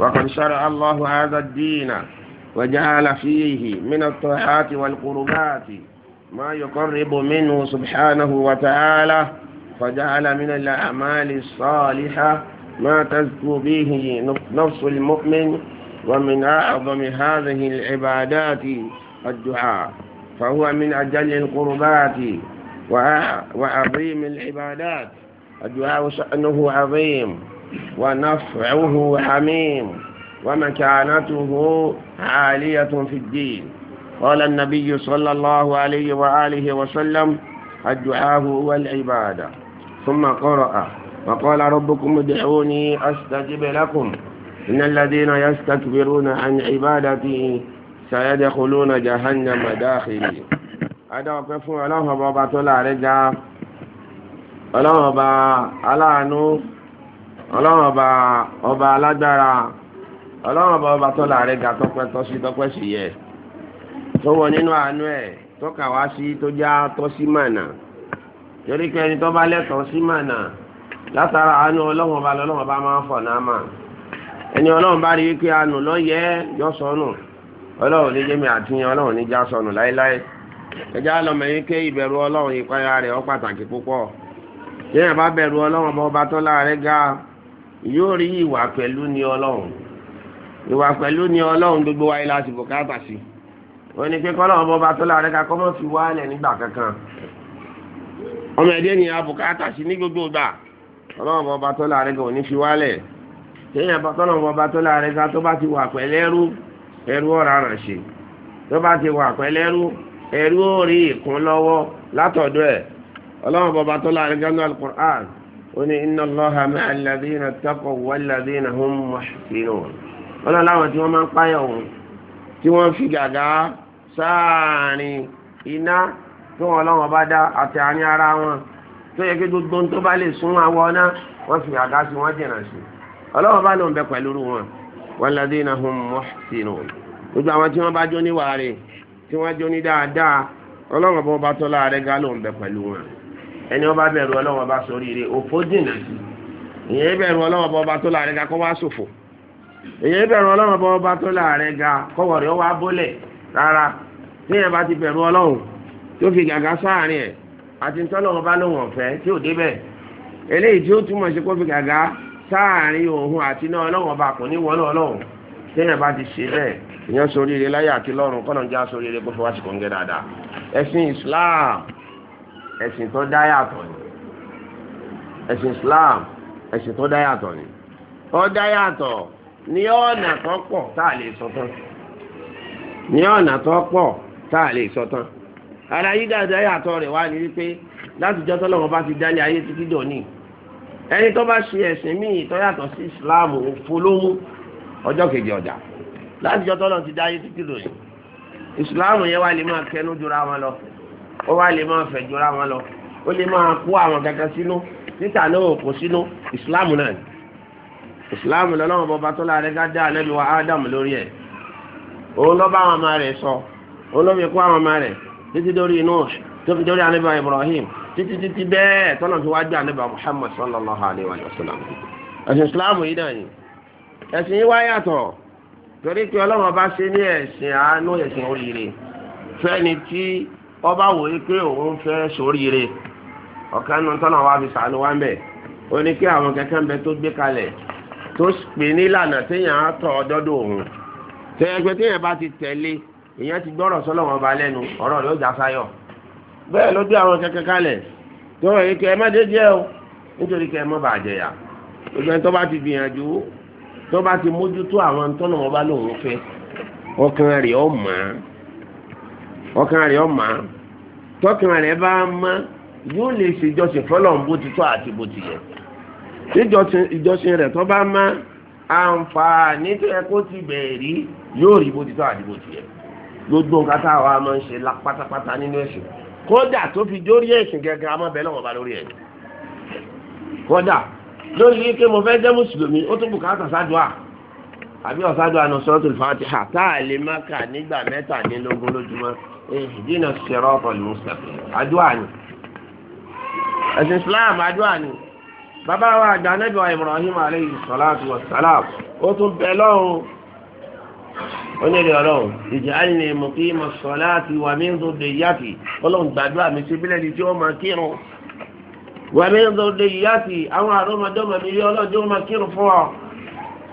وقد شرع الله هذا الدين وجعل فيه من الطاعات والقربات ما يقرب منه سبحانه وتعالى فجعل من الأعمال الصالحة ما تزكو به نفس المؤمن ومن أعظم هذه العبادات الدعاء فهو من أجل القربات وعظيم العبادات الدعاء شأنه عظيم ونفعه حميم ومكانته عالية في الدين قال النبي صلى الله عليه وآله وسلم الدعاء هو العبادة ثم قرأ وقال ربكم ادعوني أستجب لكم إن الذين يستكبرون عن عبادتي سيدخلون جهنم داخلين هذا وقف الله بابا تولى رجع الله بابا نوف ọlọ́run ọba ọba alágbára ọlọ́run ọba ọba tọ́lá rẹ̀ ga tọpẹ tọ́sí tọ́pẹ́ sí yẹ tó wọ nínú àánú ẹ̀ tọ́ka wá sí tó já tọ́sí mànà torí pé ẹni tó bá lẹ́tọ̀ọ́ sí mànà látara àánú ọlọ́run ọba lọ́lọ́run ọba máa ń fọ̀ náà mà ẹni ọlọ́run bá rí wípé àánú yọ sọnù ọba ọba yóò rí ìwà pẹ̀lú ní ọlọ́run ìwà pẹ̀lú ní ọlọ́run gbogbo wáyé láti bùkátà sí wọn ni pé kọ́lọ́run bọ́ bá tó láàrẹ́ ká kọ́mọ́ fi wálẹ̀ nígbà kankan ọmọ ẹ̀dẹ́ ni abùkátà sí ní gbogbo gbà kọ́lọ́run bọ́ bá tó láàrẹ́ kò ní fi wálẹ̀ téèyàn bá kọ́lọ́run bọ́ bá tó láàrẹ́ ká tó bá ti wà pẹ̀lẹ́rú ẹrú ọ̀rá rẹ̀ ṣe tó bá ti wà pẹ̀lẹ́rú ẹrú ó rí ìkún lọ́wọ́ látọ̀dọ̀ ẹ̀ ọlọ́run bọ́ bá tó láàrẹ́ gánú alukur'an oní iná lọ́ha mẹ́ alẹ́dínà tẹ́kọ̀ wẹ́lẹ́dínà hum mọ̀ṣẹ́kìnnà wọn lọ láwọn tí wọ́n máa ń páyà wọn tí wọ́n fi gàgá sáàrin iná tí wọ́n lọ́wọ́ bá dá àti àárín ara wọn tó yẹ kí gbogbo tó bá lè sún àwọn náà wọ́n fi gàgá sí wọ́n dènà sí ọlọ́wọ́ bá lòun bẹ pẹ̀lú wọn wẹ́lẹ́dínà hum mọ̀ṣẹ́kìnnà gbogbo àwọn tí wọ́n bá jó níwàá rẹ̀ tí wọ́n jó ní dáadáa ọlọ́wọ́ bá tọ́lá rẹ̀ gá lòun bẹ pẹ̀lú wọn ẹni ó bá bẹ̀rù ọlọ́wọ́n bá sọ oríire òfò jìnnà sí ìyẹn bẹ̀rù ọlọ́wọ́n bá ọba tó láàrin ga kó wá ṣòfò ìyẹn bẹ̀rù ọlọ́wọ́n bá ọba tó láàrin ga kọ́wọ́ rẹ̀ ó wá bólẹ̀ rárá téèyàn bá ti bẹ̀rù ọlọ́run tó fi gàgà sáàrin ẹ̀ àti ntọ́lọ́wọ́n bá lóun ọ̀fẹ́ tí ò débẹ̀ eléyìí tí ó túmọ̀ sí kó fi gàgà sáàrin òun àti náà ọlọ́wọ́n bá kò ní wọlé ọlọ́run téèyàn bá ti ṣe bẹ́ẹ̀ ìyẹn sóríire láyé àti lọ́run kọ́nà ń já sóríire kó fi wá sí kòńgẹ́ dáadáa ẹ̀sìn Islam ẹ̀sìn tó dá ni ẹ̀sìn Islam ẹ̀sìn tó dá ni ó dá yàtọ̀ ní ọ̀nà tó pọ̀ tá a lè sọ tán ara yí dáadáa yàtọ̀ rẹ̀ wá ní wípé láti jọ́ bá ti dálé ayé títí dòní ẹni tó bá ṣe ẹ̀sìn míì tó yàtọ̀ sí Islam òfolómú ọjọ́ kejì ọjà láti jọ́ ti dá ayé títí Islam yẹn wá lè máa kẹnu jura wọn lọ. ó wá lè máa fẹ̀jọ́ ra wọn lọ ó lè máa kó àwọn kankan sínú níta náà ò kó sínú ìsìláàmù náà ni ìsìláàmù lọ́lọ́wọ́ bọba tó láàrin ká dá ànábì wa ádámù lórí ẹ̀ òun lọ́ bá àwọn ọmọ rẹ̀ sọ òun ló fi kó àwọn ọmọ rẹ̀ títí dórí inú tó fi dórí ànábì wa Ibrahim títí títí bẹ́ẹ̀ tọ́nà tó wá gbé ànábì wa Muhammad sallallahu alayhi wa sallam ẹ̀sìn ìsìláàmù yìí náà ni ẹ̀sìn yìí wá yàtọ̀ torí pé ọlọ́wọ́ bá ṣe ní ẹ̀sìn àánú ẹ̀sìn oríire fẹ́ni tí ọba wòye pé òun fẹ́ sóríire ọ̀kan nu tọ́nà wa fi sànú wa ń bẹ̀ ó ní kí àwọn kẹ̀kẹ́ ń bẹ tó gbé kalẹ̀ tó pè ní ìlànà téèyàn á tọ̀ ọdọ́dọ̀ òun tẹ̀yẹ̀pẹ̀ téèyàn bá ti tẹ̀lé èèyàn ti gbọ́rọ̀ sọ́lọ̀ wọn ba lẹ́nu ọ̀rọ̀ ló já sáyọ̀ bẹ́ẹ̀ ló gbé àwọn kẹ̀kẹ́ kalẹ̀ tó wọ̀nyí kẹ́ ẹ má dé díẹ̀ o nítorí kẹ́ ẹ má bàa jẹ̀yà gbogbo ẹni tó bá ti gbìyànjú tó bá ti mójútó àwọn tọ́nà wọn ọkàn rẹ̀ ọ̀ma tọkàn rẹ̀ bá má yóò lè ṣe ìjọsìn fọlọ́n bó ti tọ́ àti bó ti yẹ ìjọsìn rẹ̀ tó bá má àǹfààní tó yẹ kó ti bẹ̀ẹ̀ rí yóò rí bó ti tọ́ àti bó ti yẹ gbogbo nǹkan tá a wá máa ń ṣe la pátápátá nínú ẹ̀sìn kódà tó fi dórí ẹ̀sìn gẹ́gẹ́ a máa bẹ lọ́wọ́ bá lórí ẹ̀ kódà lórí wípé mo fẹ́ jẹ́ mùsùlùmí ó tún bùkátà sádùá àbí ọ̀sádùá nù sọ́tò fàtìhà tá a lè má kà nígbà mẹ́tàdínlógún lójúmọ́ ihdina siratal mustaqim àdúrà ni ẹ̀sìn islam àdúrà ni bàbá wa àgbà ànábì wa ibrahim aleyhi salatu wa salam ó tún bẹ lọ́hùn onídìí ọlọ́run ij'alni muqima salati wa min dhurriyyati ọlọ́run gbàdúrà mi sí bílẹ̀ ní tí wọ́n máa kírun wa min dhurriyyati àwọn àrọ́mọdọ́mọ mi yọ ọlọ́run tí wọ́n máa kírun fún ọ.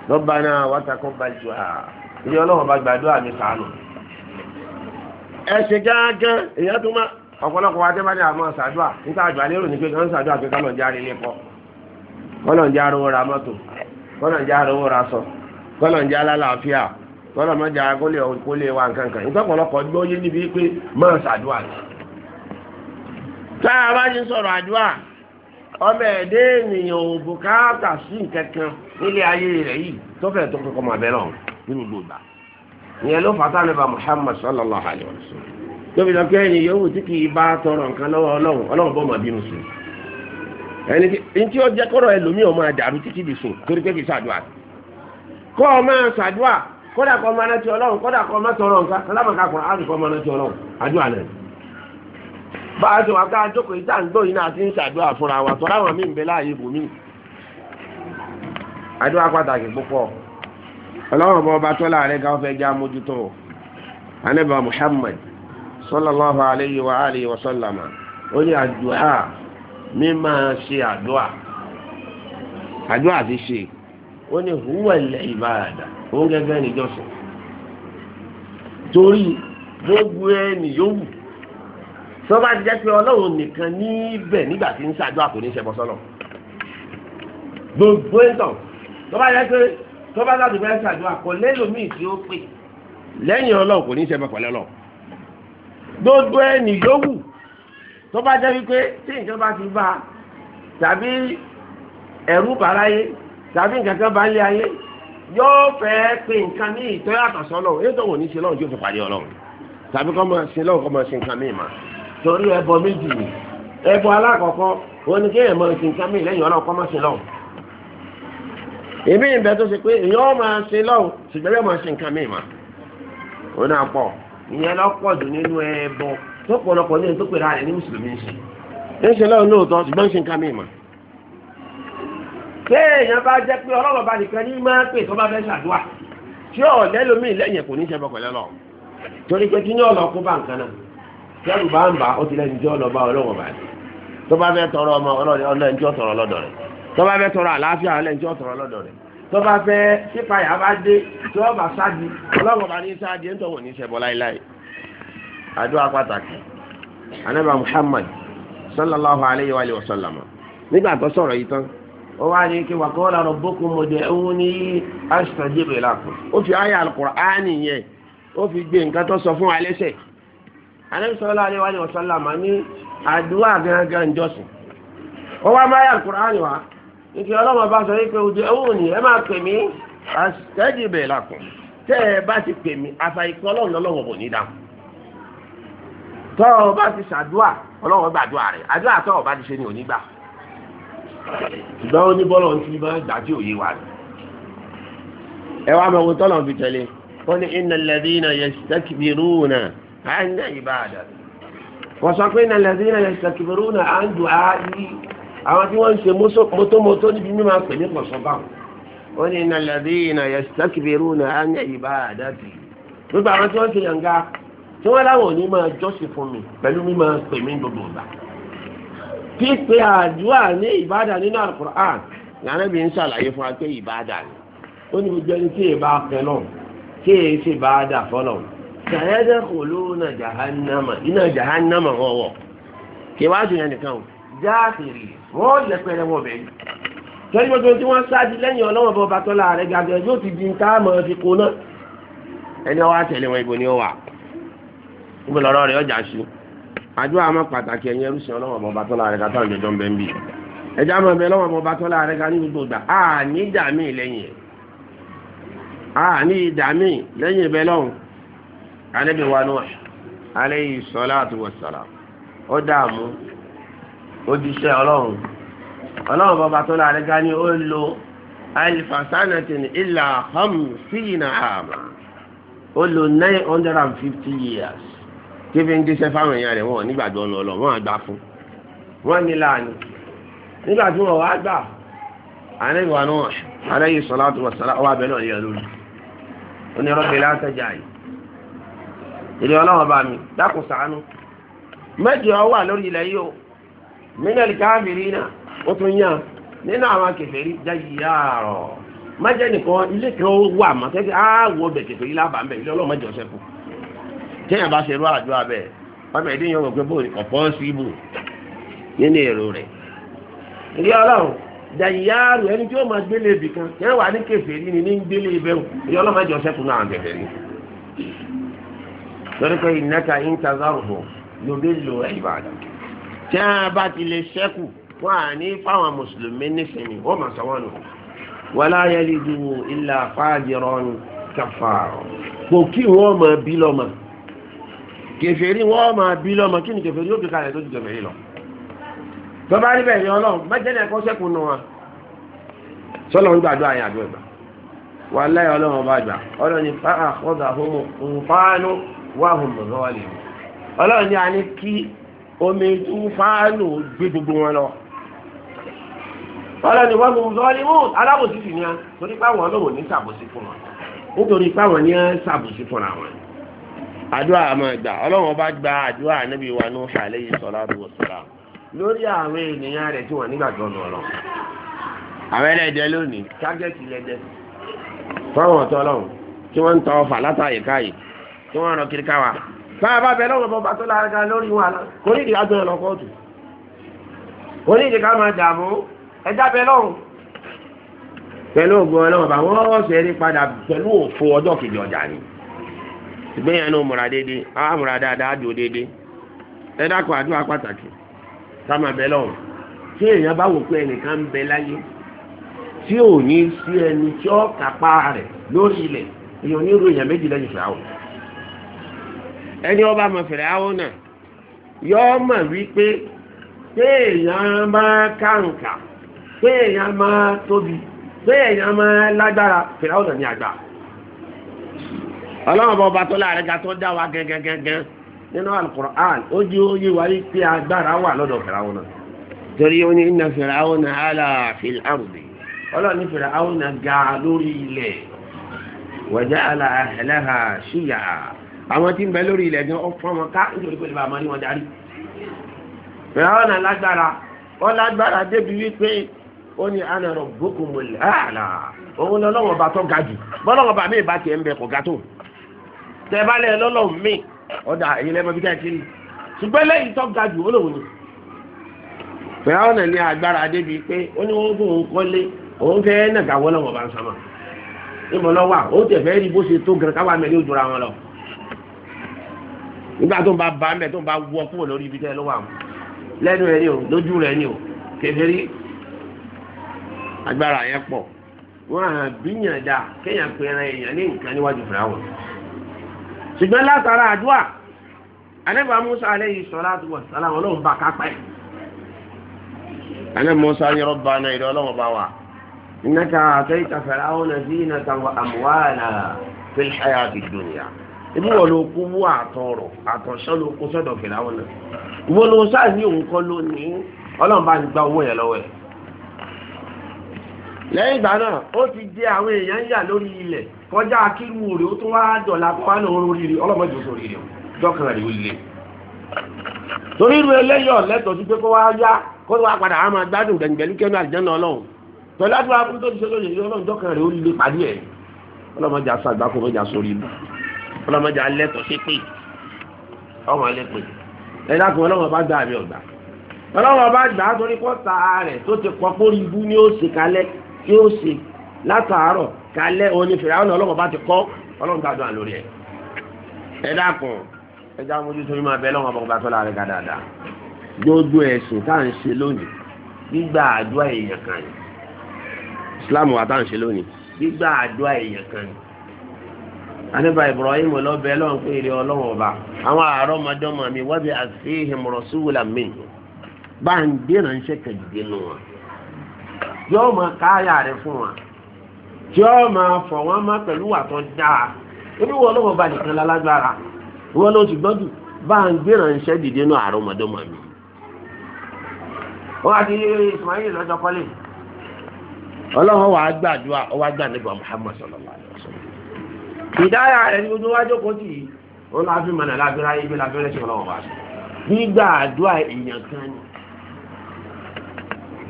rabbana wa taqabbal du'a ilé ọlọ́run bá gbàdúrà mi sànù. ẹ̀ṣẹ̀ gángan èèyàn tó má ọ̀pọ̀lọpọ̀ wa tẹ́bá ní àmọ́ ṣàdúà níta àjọ àlérò ní pé kí wọ́n ṣàdúà pé kọ́lọ̀ ń já rí lẹ́kọ́ kọ́lọ̀ ń já rówó ra mọ́tò kọ́lọ̀ ń já rówó ra sọ ń já lálàáfíà já nǹkan kan ọ̀pọ̀lọpọ̀ gbọ́ yé níbi pé ni. tá a bá ti sọ̀rọ̀ àdúà ọmọ ẹ̀dẹ́ ènìyàn ò bùkátà sí nǹkan kan nílé ayé rẹ̀ yìí tó tó kọ́kọ́ máa nínú ìyẹn ló fàtà nípa Muhammad sallallahu alayhi wa sallam tóbi lọ ẹni yòówù tí kìí bá tọrọ nǹkan lọ́wọ́ Ọlọ́run Ọlọ́run bọ́ máa bínú sí ẹni tí ó jẹ́ kọ́rọ̀ ẹlòmíì ọmọ àdàrú títí di sùn torí pé kì í ṣàdúrà kọ́ ọ máa ṣàdúrà kódà kọ́ máa rántí Ọlọ́run kódà kọ́ tọrọ nǹkan alámọ̀ká kọ́ Ọlọ́run bá a wà ká jókòó ìta ń gbọ́ yìí ọlọ́run bọ́ ọba tọ́lá rẹ̀ gan fẹ́ já mójútó anábà muhammad sallallahu alayhi wa alihi wa sallama ó ní àdúà mímá ṣe àdúà àdúà ti ṣe ó ní huwa al-ibada òun gẹ́gẹ́ níjọ́sìn torí gbogbo ẹni yòówù sọba jẹ́ pé ọlọ́run nìkan níbẹ̀ nígbà tí ń ṣàdúà kò ní ṣẹbọ sọ́lọ̀ gbogbo ẹ̀ńtàn sọba jẹ́ pé tó bá láti fẹ́ ṣàdúrà kọ lẹ́lòmíì tí ó pè lẹ́yìn ọlọ́run kò ní í ṣe bá pẹ̀lẹ́ lọ. gbogbo ẹnì yòówù tó bá jẹ́ wípé tí ìjọba ti bá a tàbí ẹ̀rú bàrá yé tàbí nǹkan kan bá lé ayé yóò fẹ́ pe nǹkan ní ìtọ́yàtọ̀ sọ́lọ̀ èyí tó wọ́n ní í ṣe lọ́run tí ó fi pàdé ọlọ́run tàbí kọ́ máa ṣe lọ́run kọ́ máa ṣe nǹkan míì máa torí ẹbọ méjì ni ẹbọ alákọ̀ọ́kọ́ oníkéèyàn máa ṣe nǹkan míì lẹ́yìn ọlọ́run kọ́ máa ṣe lọ́run èmi ìbẹ tó ṣe pé èyàn máa ṣe lọ́wọ́ ṣùgbọ́n si máa ṣe nǹkan mìíràn mà ó náà pọ̀ ìyẹn lọ́pọ̀ jù nínú ẹbọ tó pọ̀lọpọ̀ ní ẹni tó ní mùsùlùmí ṣe ń ṣe lọ́wọ́ lóòótọ́ ṣùgbọ́n ń ṣe nǹkan mìíràn ṣé èèyàn bá jẹ́ pé bá nìkan ní máa pè tó bá fẹ́ ṣàdúrà tí ò lẹ́yìn ní lọ tọ́ba fẹ́ tọrọ àlàáfíà alẹ́ ní tí wọ́n tọrọ lọ́dọ̀ rẹ̀ tọ́ba fẹ́ sípayà bá dé tí wọ́n bá sáàdì ọlọ́run bá ní sáàdì ẹ̀ ń tọ́wọ̀ ní sẹ́bọ̀ láíláì. àdúrà pàtàkì anábà Muhammad sallallahu alayhi wa sallam nígbà tó sọ̀rọ̀ yìí tán ó wá ní kí wa qala rabbukum ud'uni astajib lakum ó fi àyà al-Qur'ani yẹn ó fi gbé nǹkan tó sọ fún alẹ́sẹ̀ anábì sallallahu alayhi wa sallam ní àdúrà gángan jọ́sìn ó wá máyà al-Qur'ani wa ìkì ọlọ́mọ bá sọ wípé ojú ẹ̀wọ̀n ni ẹ máa pè mí àṣìṣẹ́jì bẹ̀ làkùn tẹ́ ẹ bá ti pè mí ọlọ́run kò ní dáhùn. tọ́ ọ bá ti ṣàdúà ọlọ́run rẹ̀ àdúà tọ́ ọ bá ti ṣe ni ò ní gbà. ṣùgbọ́n ó ní bọ́lọ̀ ń ti máa gbà tí òye wà ní. ẹ wá mọ̀ ohun fi tẹ̀lé wọ́n ní àwọn tí wọ́n ń ṣe mọ́tòmọ́tò níbi mímọ́ pè ní kọ̀sọ́bà wọ́n ní iná lẹ́bí iná yẹsítẹ́kìbìrú náà á ní ìbá àdáàtì gbogbo àwọn tí wọ́n ṣe yànga tí wọ́n láwọn ò ní máa jọ́sìn fún mi pẹ̀lú mímọ́ pè mí gbogbo ìgbà pípe àdúrà ní ìbádà nínú àkùrán yàrá-bí ń ṣàlàyé fún wa pé ìbádà ni ó ní gbogbo ẹni tí ì bá pẹ́ náà tí ì ṣe bá dà fọ́lọ̀ kàyẹ́dẹ́ kò lóun náà jahannama iná jahannama wọ̀wọ̀ kí wàá dùn yẹn nìkan o jáàtìrì wọ́n yẹpẹrẹ wọ̀ bẹ́ẹ̀ torí gbogbo tí wọ́n ṣáájú lẹ́yìn ọlọ́wọ́n bọ́ bá tọ́lá rẹ̀ gàdọ̀ ẹ̀ yóò ti di nǹkan àmọ́ fi kó náà ẹni ọwọ́ àtẹ̀lé wọn ibo ni ó wà ibo lọ́rọ́ rẹ̀ ọjà sí àjọ àmọ́ pàtàkì ẹ̀yìn ẹrú sí ọlọ́wọ́n bọ́ bá tọ́lá rẹ̀ gàdọ̀ ìjọjọ́ ń bẹ́ ń bì ẹjọ́ àmọ́ bẹ́ẹ̀ lọ́wọ́n bọ́ bá tọ́lá rẹ̀ gàdọ̀ ní gbogbo gbà á ní ìdá míì lẹ́yìn ẹ̀ á ní ìdá míì òjíṣẹ́ ọlọ́run ọlọ́run bàbá tó láàrin ká ní ó lo alifasanatin ilà hamsina àmà ó lo nine hundred and fifty years tí fi ń díṣẹ́ fáwọn èèyàn rẹ̀ wọ́n nígbàdùn ọ̀nà ọlọ́run wọ́n á gbà fún wọ́n ní láàánú nígbà tí wọ́n wá gbà àlẹ́ ìwà náà alayhi salatu wa salam ọwọ́ abẹ́lẹ́ ọ̀lẹ́ lórí onírọ́bẹ̀ látẹ̀jà yìí ìdí ọlọ́run bá mi dákun ṣàánú mẹ́jọ wà lórí ilẹ̀ yìí o. mínẹ́lì káàbìrì náà ó tún yàn nínú àwọn kèfèrí jáyà rọ̀ májẹ́ nìkan ilé kan wà mọ́ kẹ́kẹ́ àwọ̀ ọbẹ̀ kèfèrí lábàá mbẹ̀ ilé ọlọ́mọdé ọ̀sẹ̀ kù téèyàn bá ṣe irú àjọ abẹ́ ọbẹ̀ ìdí yẹn wọ̀ bóyá ọ̀pọ̀ sí nínú èrò rẹ̀ ilé ọlọ́run jáyà ẹni tí gbélé ibì kan kẹ́ wà ní kèfèrí ni ní gbélé tí a bá ti lè ṣẹ́kù wọn à ní fáwọn mùsùlùmí nísìnyí wọ́n mà sọ wọn nù. wàlá yẹlí dùnú ilà fàájìrọ ni kàfàrọ. kò kí wọn máa bí lọ́mọ kèfèrí wọn máa bí lọ́mọ kí ni kèfèrí yóò fi kalẹ̀ tó ju kèfèrí lọ. bàbá rí bẹ́ẹ̀ ni ọlọ́run mẹ́tẹ́lẹ̀ kọ́ ṣẹ́kù nù wọn. sọlọ ń gbàdúrà yẹn àdúrà gbà wàlá yẹn ọlọ́run bá gbà ọlọ́run ni fáà kọ́dà omi túfánù gbé gbogbo wọn lọ. ọlọ́ni wọ́n mú zọ́ọ́límù alábòsí sì ni a torí pé àwọn ọlọ́wọ́ ní sàbòsí fún wọn nítorí pé àwọn ní sàbòsí fúnra wọn. àdúrà máa gbà ọlọ́wọ́n bá gba àdúrà ànábì wa Nuh alayhi salatu wa salam lórí àwọn ènìyàn rẹ̀ tí wọ́n nígbàgbọ́ lọ́rọ̀ àwọn ẹlẹ́dẹ̀ lónìí tágẹ́tì lẹ́dẹ̀ fáwọn ọ̀tọ́ ọlọ́run tí wọ́n ń tọ́ ọfà bàbá bẹ lọ́wọ́ bọba tó lára ga lórí wọn àlá kò ní ìdí ká gbọ́n kò ní ìdí ká máa dààmú ẹja bẹ lọ́wọ́ pẹ̀lú ògùn ọlọ́wọ́ bá wọ́n ṣe rí padà pẹ̀lú òfo ọjọ́ kejì ọjà ni ìgbéyàn náà múra déédéé á múra dáadáa dùn àdúrà pàtàkì ká máa bẹ lọ́wọ́ tí èèyàn bá wò pé ẹnìkan ń bẹ láyé tí ò ní sí ẹni tí ẹni ọba mọ̀ fẹ̀rẹ̀ àwọn náà yọ mọ̀ wípé téèyàn máa kàǹkà téèyàn máa tóbi téèyàn máa lágbára fẹ̀rẹ̀ àwọn náà ní àgbà. ọlọ́run bọba tó láàrin ga tó dá wa gẹ́gẹ́gẹ́gẹ́ nínú alukur'an ó jí ó yí wáyé pé agbára wà lọ́dọ̀ fẹ̀rẹ̀ àwọn náà torí ó ní iná fẹ̀rẹ̀ àwọn náà hálà àrùbí ọlọ́run fẹ̀rẹ̀ àwọn náà ga lórí ilẹ̀ wọ́jà àlà àhẹ́lẹ́hà ṣíyà àwọn tí ń bẹ lórí ilẹ̀ gan ọ̀fọ́ wọn ká nítorí pé bàbá ni wọ́n darí. fìràwọ́n náà lágbára wọ́n lágbára débi wípé ó ní ana rabbukumul a'la òun lọ́lọ́wọ́n bá tó ga jù bọ́lọ́wọ́n bá mi bá tiẹ̀ ń bẹ kò ga tó. tẹ bá lẹ lọ́lọ́wọ́n mi ọ̀dà èyí lẹ́mọ bí káàkiri ṣùgbọ́n lẹ́yìn tó ga jù ni. fìràwọ́n náà ní agbára débi pé ó ní wọ́n fún òun kọ́lé òun fẹ́ nàgàwọ́ lọ́wọ́ bá ń sàmà. ìmọ̀lọ́wà ó tẹ̀ fẹ́ rí bó ṣe tó nígbà tó ń bá bá mẹ tó ń bá wọ kúrò lórí ibi tẹ lọ́wọ́ àwọn lẹ́nu rẹ ni o lójú rẹ ni o kèfèrí agbára yẹn pọ̀ wọn à bíyàn dà kéèyàn pe ẹran èèyàn ní nǹkan níwájú fìràwọn ṣùgbọ́n látara àdúrà anẹ́bà musa aleyhi salatu wa salam ọlọ́run bá kápá ẹ̀ musa ní rabbana ìdá ọlọ́run bá wà innaka atayta fir'auna zinatan wa amwala fil hayati dunya ebi wọn ló kó wó àtọrọ àtọṣọ ló kó sọ́dọ̀ fìlàwọ náà ìwọ ló sáà ní òun kọ́ lónìí Ọlọ́run bá ti gba owó yẹn lọ́wọ́ ẹ̀. lẹ́yìn ìgbà náà ó ti jẹ àwọn èèyàn yà lórí ilẹ̀ kọjá akínú rẹ̀ ó tún wá dọ̀la kó wá lóun lórí rẹ̀ ọlọ́mọdé ó sórí rẹ̀ dọ́kàn rẹ̀ ó le. torí irú ẹlẹ́yọ̀ lẹ́tọ̀ọ́ sí pé kó wá yá kó wá padà á máa gbádùn gbẹ̀ngbẹ̀lú kẹ́nu àlùjánnà Ọlọ́run pẹ̀lú ọlọ́mọdé alẹ́ tó ṣe pé ọmọ alẹ́ pé ẹ dákun ọlọ́wọ́n bá gbà àbí ọ̀gbà ọlọ́wọ́n bá gbà á torí kọ́ ta rẹ̀ tó ti pọ́ pórí ibú ni ó ṣe kalẹ̀ tí ó ṣe látàárọ̀ kalẹ̀ òní fìrà ọ̀nà ọlọ́wọ́n bá ti kọ́ ọlọ́wọ́n bá dùn àlórí ẹ̀ ẹ dákun ẹ já mojú torí máa bẹ lọ́wọ́n bá tọ́lá rẹ̀ gàdàdà gbogbo ẹ̀sìn tá à ń ṣe lónìí gbígbà àdúrà èèyàn kan ni Islam wa tá à ń ṣe lónìí gbígbà àdúrà èèyàn kan ni anibà ibrahim lọ́bẹ̀ lọ́n pé èrè ọlọ́run ọba àwọn àárọ̀ ọmọdọ́mọ mi àfihàn mi bá ń nù wọn. yóò máa rẹ fún yóò máa wà tó dáa ebi wọ́n lọ́wọ́ ọba nìkan lálágbára wọ́n ló ti gbọ́dù bá ń gbé ránṣẹ́ dìde nù àárọ̀ ọmọdọ́mọ mi. wọ́n àti ismail wàá muhammad ìdáyà rẹ̀ ní ojú wájú kò tì í ó lọ́ fi mọ̀nà lábẹ́rẹ́ ayé bẹ́ẹ̀ lábẹ́rẹ́ sí ọlọ́wọ́ bá a nígbà àdúrà èèyàn kan ni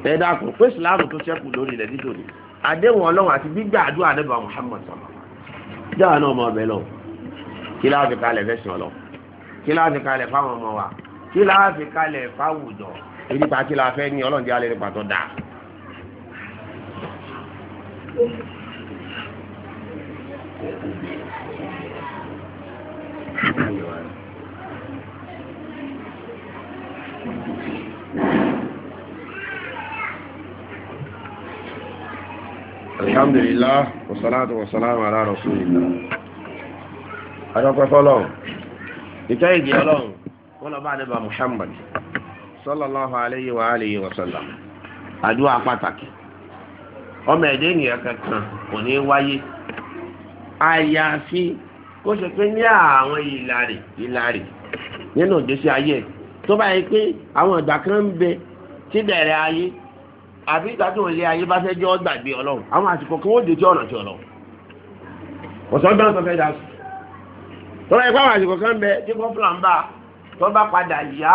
ẹ dákun pé ìsìláàmù tó ṣẹ́kù lórí ilẹ̀ nítorí àdéhùn ọlọ́run àti gbígbà àdúrà nígbà Muhammad sọ̀rọ̀ dáhà náà ọmọ ọbẹ̀ lọ kí láàfi kalẹ̀ fẹ́sìn ọlọ kí láàfi kalẹ̀ fáwọn ọmọ wa kí láàfi kalẹ̀ fáwùjọ nípa kí láàfẹ́ ní ọlọ́run jẹ́ alẹ́ nípa tó dáa. alhamdulillah wasalatu wasalamu ala rasulillah adọ́pẹ́ fọ́lọ́n ìkẹ́ ìgì ọlọ́run wọ́n lọ bá nípa muhammad sallallahu alayhi wa alihi wa A àdúrà pàtàkì ọmọ ẹ̀dẹ́ ènìyàn kankan ọ ní àyàfi kó ṣe pé ní àwọn ìlàrí ìlàrí nínú ìgbésí ayé ẹ̀ tó báyìí pé àwọn ìgbà kan ń bẹ tí bẹ̀rẹ̀ ayé àbí ìgbà tó ń lé ayé bá fẹ́ jọ́ gbàgbé ọlọ́run àwọn àsìkò kan ó dé tí ọ̀nà tí ọlọ́run ọ̀sán gbọ́n tó fẹ́ dà sí. tó báyìí pé àwọn àsìkò kan ń bẹ tí kọ́fúlà ń bá tó bá padà yá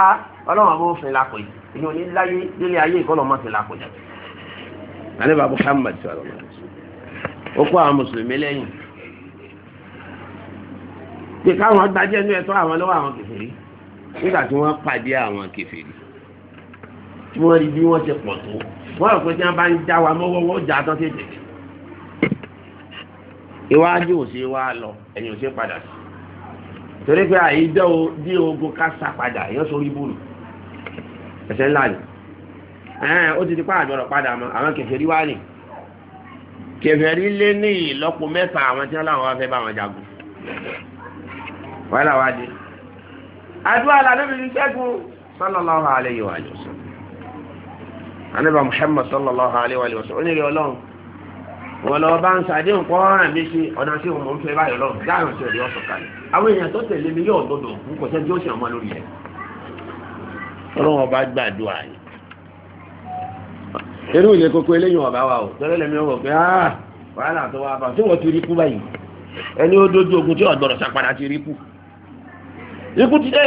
ọlọ́run àbó fin lakò yìí ìyẹn ò ní láyé délé ayé ìkọlọ́ mọ́ fin lakò yàtọ̀. àlẹ́ bàbá pé káwọn gbajẹ́ ní ẹ̀tọ́ àwọn lọ́wọ́ àwọn kèfèrí nígbà tí wọ́n pàdé àwọn kèfèrí tí wọ́n rí bí wọ́n ṣe pọ̀ tó wọ́n rò pé tí wọ́n bá ń já wa mọ́wọ́ wọ́n já tán tètè. iwájú ò ṣe wá lọ ẹ̀yìn ò ṣe padà sí torí pé o bí ogun ká sa padà èèyàn sórí bùrù ẹ̀ṣẹ̀ ńlá ni ó ti di pa àjọrọ̀ padà mọ́ àwọn kèfèrí wá nì kèfèrí lé ní ìlọ́po mẹ́ta àwọn tí wọ́n láwọn wá fẹ́ bá wọn jagun. wàhálà wá dé àdúrà lànàbì ní sẹ́gun sallallahu alayhi wa sallam ànàbà Muhammad sallallahu alayhi wa sallam ó ní ìrẹ̀ ọlọ́run wọn lọ bá ń sàdéhùn kọ́ mi sí ọ̀nà sí òun mò ń fẹ́ báyọ̀ lọ́rùn dáhùn mi yóò gbọdọ̀ òkú o ikú ti dé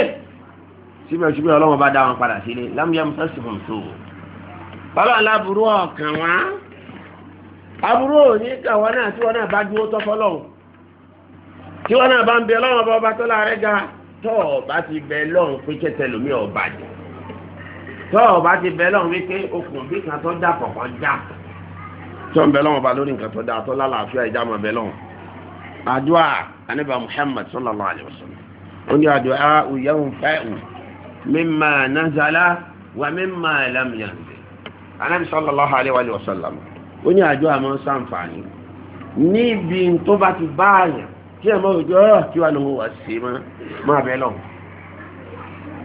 síbẹ̀síbẹ̀ ọlọ́wọ́ bá dá wọn padà sílé lámúyàmú sẹ́sì fún tó bàbá aláburú ọ̀kàn wá aburú òní kàwọn náà tí wọn náà bá dúró tọ́fọ́ lọ́wọ́ tí wọn náà bá ń bẹ ọlọ́wọ́ bá ọba tó láàrẹ́ ga tọ́ ọba ti bẹ lọ́hùn pé kẹtẹ lómi ọba jù tọ́ ọba ti bẹ lọ́hùn wípé okùn bí kan tó dà kọ̀kan já tọ́ ń bẹ lọ́wọ́ ọba lórí nǹkan tó dà tó lálàáfíà ìjà mọ̀ bẹ lọ́hùn àdúrà anábà Muhammad sallallahu alaihi wasallam ó ní àdúà òyẹ́hùn fẹ́ẹ̀hù mímà nàzàlá wà mímà lámìyànjẹ anábì sallallahu alaihi wa sallam ó ní àdúà àmọ́ sàǹfààní níbi tó bá ti bá àyàn tí ẹ̀ mọ́ òjò ọ̀ kí wà lóhùn wá sí mọ́ máa bẹ lọ́hùn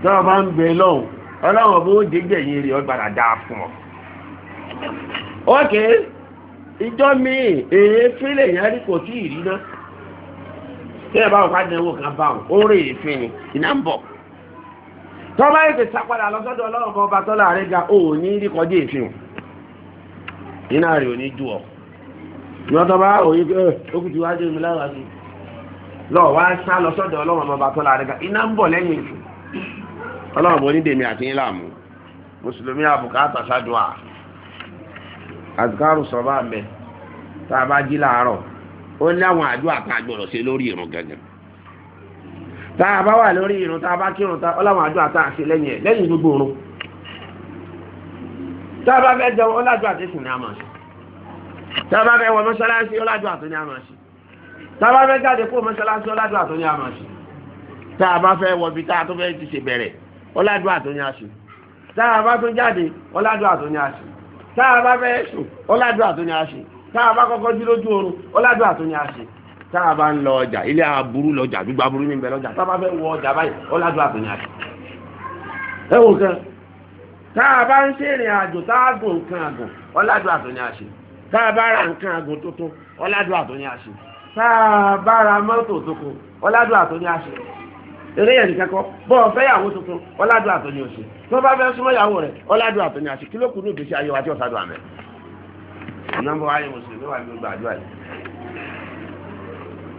tó o bá ń bẹ lọ́hùn ọlọ́run ọ̀bọ̀ ó yín rí ọgbàdà ìjọ mi èéfín lè yẹn kò tí ì rí náà tẹ́lẹ̀ báwọn ká dẹ̀wò kan báwọn ó rè é fún ni iná ń bọ̀ tọ́ba yìí ti sápadà lọ́sọ́dọ̀ ọlọ́run kan ọba tọ́lá rẹ̀ ga ò ní rí kọjá èéfín iná rẹ̀ ò ní ju ọ̀ ìwọ́n tọ́ba òye pé ókùtù wájú mi lára sí lọ́ọ̀ wá sá lọ́sọ́dọ̀ ọlọ́run ọba tọ́lá rẹ̀ ga iná ń bọ̀ lẹ́yìn ìfún ọlọ́run bọ̀ ní dèmi àti ńlá mu mùsùlùmí àbùkátà ṣáàdùà àzùkárù sọ̀bà mẹ́ tá a bá jí láàárọ̀ ó ní àwọn àdúrà tá a gbọ́dọ̀ ṣe lórí ìrun gangan tá a bá wà lórí ìrun tá a bá kírun tá ó láwọn àdúrà tá a ṣe lẹ́yìn ẹ̀ lẹ́yìn gbogbo ìrun tá a bá fẹ́ jẹun ó lájọ àti sùn ní àmọ̀ ṣe tá a bá fẹ́ wọ mọ́ṣáláṣí ó lájọ àtúnyẹ àmọ̀ ṣe tá a bá fẹ́ jáde kó mọ́ṣáláṣí ó lájọ àtúnyẹ àmọ̀ ṣe tá a bá fẹ́ wọ ibi tá a tó fẹ́ ti ṣe bẹ̀rẹ̀ ó lájọ àtúnyẹ àṣe tá a bá tún jáde ó lájọ àtúnyẹ àṣe tá a bá fẹ́ sùn ó lájọ àtúnyẹ àṣe tá a bá kọ́kọ́ jí lójú oorun ọládùn àtúnyẹ àṣẹ tá ń lọ ọjà ilé buru lọjà gbígbà aburú ní ọjà tá fẹ́ ọjà báyìí ọládùn àtúnyẹ àṣẹ. ẹ wò a ń ṣèrìn àjò tá nǹkan àgùn ọládùn àtúnyẹ àṣẹ ra nǹkan àgùn tuntun ọládùn àtúnyẹ àṣẹ a ra mọ́tò tuntun ọládùn àtúnyẹ àṣẹ eré yẹn fẹ́ yàwó tuntun àtúnyẹ àṣẹ tó bá fẹ́ súnmọ́ yàwó àtúnyẹ àṣẹ nọmba wáyé mùsùlùmí wà gbogbo àdúrà yìí.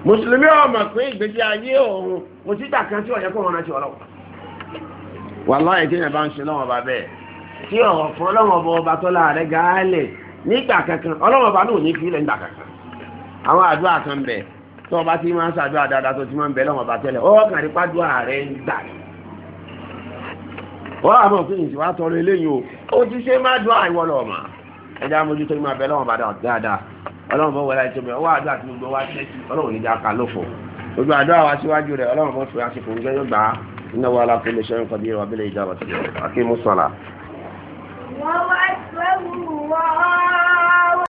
mùsùlùmí ọmọ pé ìgbésí ayé òun kò sí ìtàkàn tí ọ̀yẹ́ kó wọn rántí ọlọ́wọ́. wàláyé tí yẹn bá ń ṣe lọ́wọ́ bá bẹ́ẹ̀ tí ọ̀rọ̀ fún ọlọ́wọ́ bọ ọba tó láàrẹ̀ gáálẹ̀ nígbà kankan ọlọ́wọ́ bá lóun ní fílẹ̀ nígbà kankan. àwọn àdúrà kan bẹ̀ tó ọba tí máa ń ṣàdúrà dáadáa tó ti máa ń bẹ lọ́wọ́ bá tẹ́lẹ̀ ọwọ́ kàn pàdúrà rẹ̀ ń gbà wọ́n àmọ̀ pé ìsìwá tọrọ eléyìí o ó ti ṣe má dùn àìwọ́ lọ́ọ̀mà ẹja mójútó ìmọ̀ abẹ́ lọ́wọ́ bàdà dáadáa ọlọ́run bọ́ wọlé ẹjọ́ ọwọ́ àdúrà tí gbogbo wa tẹ́tí ọlọ́run níjà ká lófo gbogbo àdúrà wa síwájú rẹ̀ ọlọ́run bọ́ fìyà sí fún gẹ́gẹ́ gbà á iná wa la kúlẹ̀ ṣẹ́yìn kọ́ bí ẹ̀rọ abẹ́lẹ̀ ìjà àbàtì